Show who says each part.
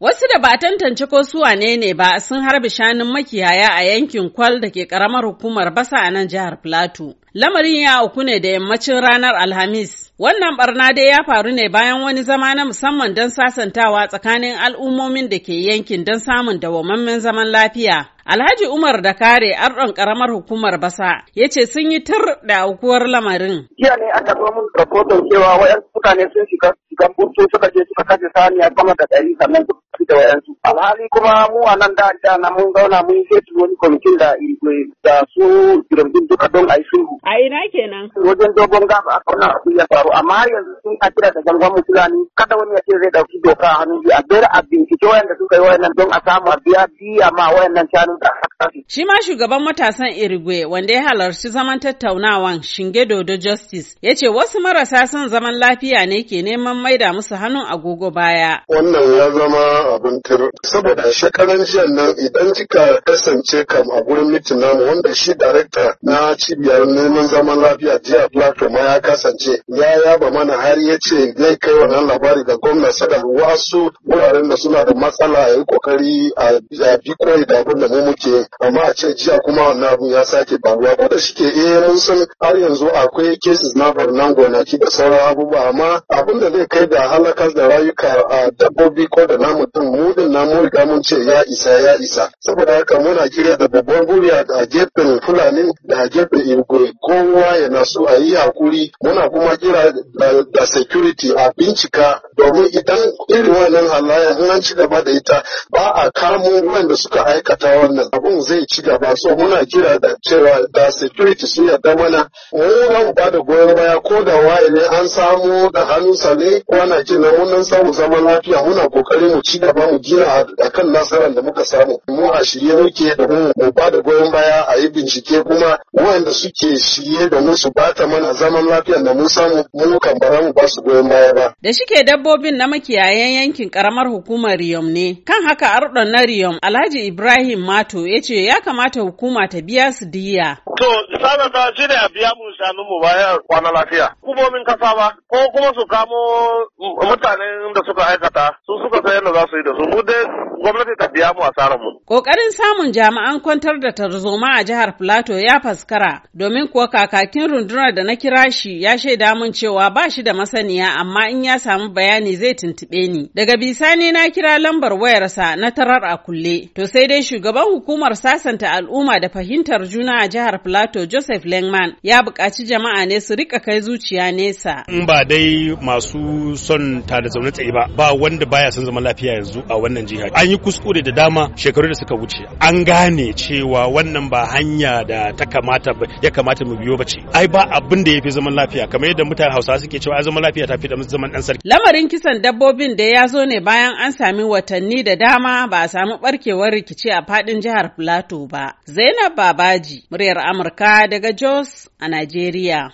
Speaker 1: Wasu da ba tantance ko su wane ne ba sun harbi shanun makiyaya a yankin Kwal da ke karamar hukumar Basa a nan jihar Plateau. Lamarin ya auku ne da yammacin ranar Alhamis. Wannan barna dai ya faru ne bayan wani zama na musamman don sasantawa tsakanin al'ummomin da ke yankin don samun dawamammen zaman lafiya. Alhaji Umar da kare arɗon ƙaramar hukumar Basa ya ce sun yi tur da aukuwar lamarin. Jiya ne aka zo mun
Speaker 2: rahoton cewa wayan mutane sun shiga shigan burtu suka je suka kashe saniya sama da ɗari sannan da wayansu alhali kuma mu a nan da na mun zauna mun yi wani kwamitin da da su jirgin duka don a yi sulhu
Speaker 1: a ina kenan wajen
Speaker 2: dogon gaba aka wannan abu ya faru amma har yanzu sun a kira da gangan mutulani kada wani ya ce zai dauki doka a hannun biyu a dole a bincike wayanda suka yi wayannan don a samu a biya biya ma wayannan shanun da
Speaker 1: aka shi ma shugaban matasan Irigwe wanda ya halarci zaman tattaunawan Shinge Dodo Justice ya ce wasu marasa son zaman lafiya ne ke neman maida musu hannun agogo baya. Wannan
Speaker 2: ya zama abin tur saboda shekaran jiya nan idan kika kasance kam a gurin mitin namu wanda shi darekta na cibiyar neman zaman lafiya jiya plato ma ya kasance ya yaba mana har ya ce zai kai wannan labari ga gwamna sada wasu wuraren da suna da matsala ya yi kokari a bi koyi da abin da mu muke amma a ce jiya kuma wannan abin ya sake faruwa ko da shike eh mun san har yanzu akwai cases na barnan gonaki da sauran abubuwa amma abin da zai kai da halakas da rayuka a dabbobi ko da na mutum mudin namu na mun riga mun ce ya isa ya isa saboda haka muna kira da babban murya da gefen fulani da gefen igwe kowa ya nasu a yi hakuri muna kuma kira da security a bincika domin idan irin wannan halayen in an ci gaba da ita ba a kamo wanda suka aikata wannan abun zai ci gaba so muna kira da cewa da security sun yarda mana mu ba da goyon baya ko da waye ne an samu da hannu ne kwana ana kira samu zaman lafiya muna kokarin mu ci gaba ba mu gina a kan nasarar da muka samu mu a shirye muke da mu mu ba da goyon baya a yi bincike kuma waɗanda suke shirye da mu su ta mana zaman lafiyar da mu samu mu kan bara mu ba su goyon baya ba.
Speaker 1: Da shike dabbobin na makiyayan yankin karamar hukumar Riyom ne kan haka arɗon na Riyom Alhaji Ibrahim Mato ya ce ya kamata hukuma ta biya su diya.
Speaker 2: To, sana da shi ne a biya mu shanu mu ya
Speaker 1: kwana lafiya.
Speaker 2: Hukumomin kasa ba, ko kuma su kamo mutanen da suka aikata, su suka san yadda za su yi da su. Mu dai gwamnati ta biya mu a tsara mu.
Speaker 1: Kokarin samun jami'an kwantar da tarzoma a jihar Filato ya faskara, domin kuwa kakakin rundunar da na kira shi ya shaida mun cewa ba shi da masaniya amma in ya samu bayani zai tuntuɓe ni. Daga bisani na kira lambar wayarsa na tarar a kulle. To sai dai shugaban hukumar sasanta al'umma da fahimtar juna a jihar Plateau Plato Joseph Lengman ya buƙaci jama'a ne su rika kai zuciya nesa. In ba dai masu son ta da zaune tsaye ba, ba wanda baya son zaman lafiya yanzu a wannan jiha. An yi kuskure da dama shekaru da suka wuce. An gane cewa wannan ba hanya da ta kamata ya kamata mu biyo bace. Ai ba abin da ya fi zaman lafiya kamar yadda mutanen Hausawa suke cewa ai zaman lafiya ta fi da zaman ɗan sarki. Lamarin kisan dabbobin da ya zo ne bayan an sami watanni da dama ba a samu barkewar rikici a faɗin jihar Plateau ba. Zainab Babaji, muryar Amurka. Amurka daga Jos a Najeriya.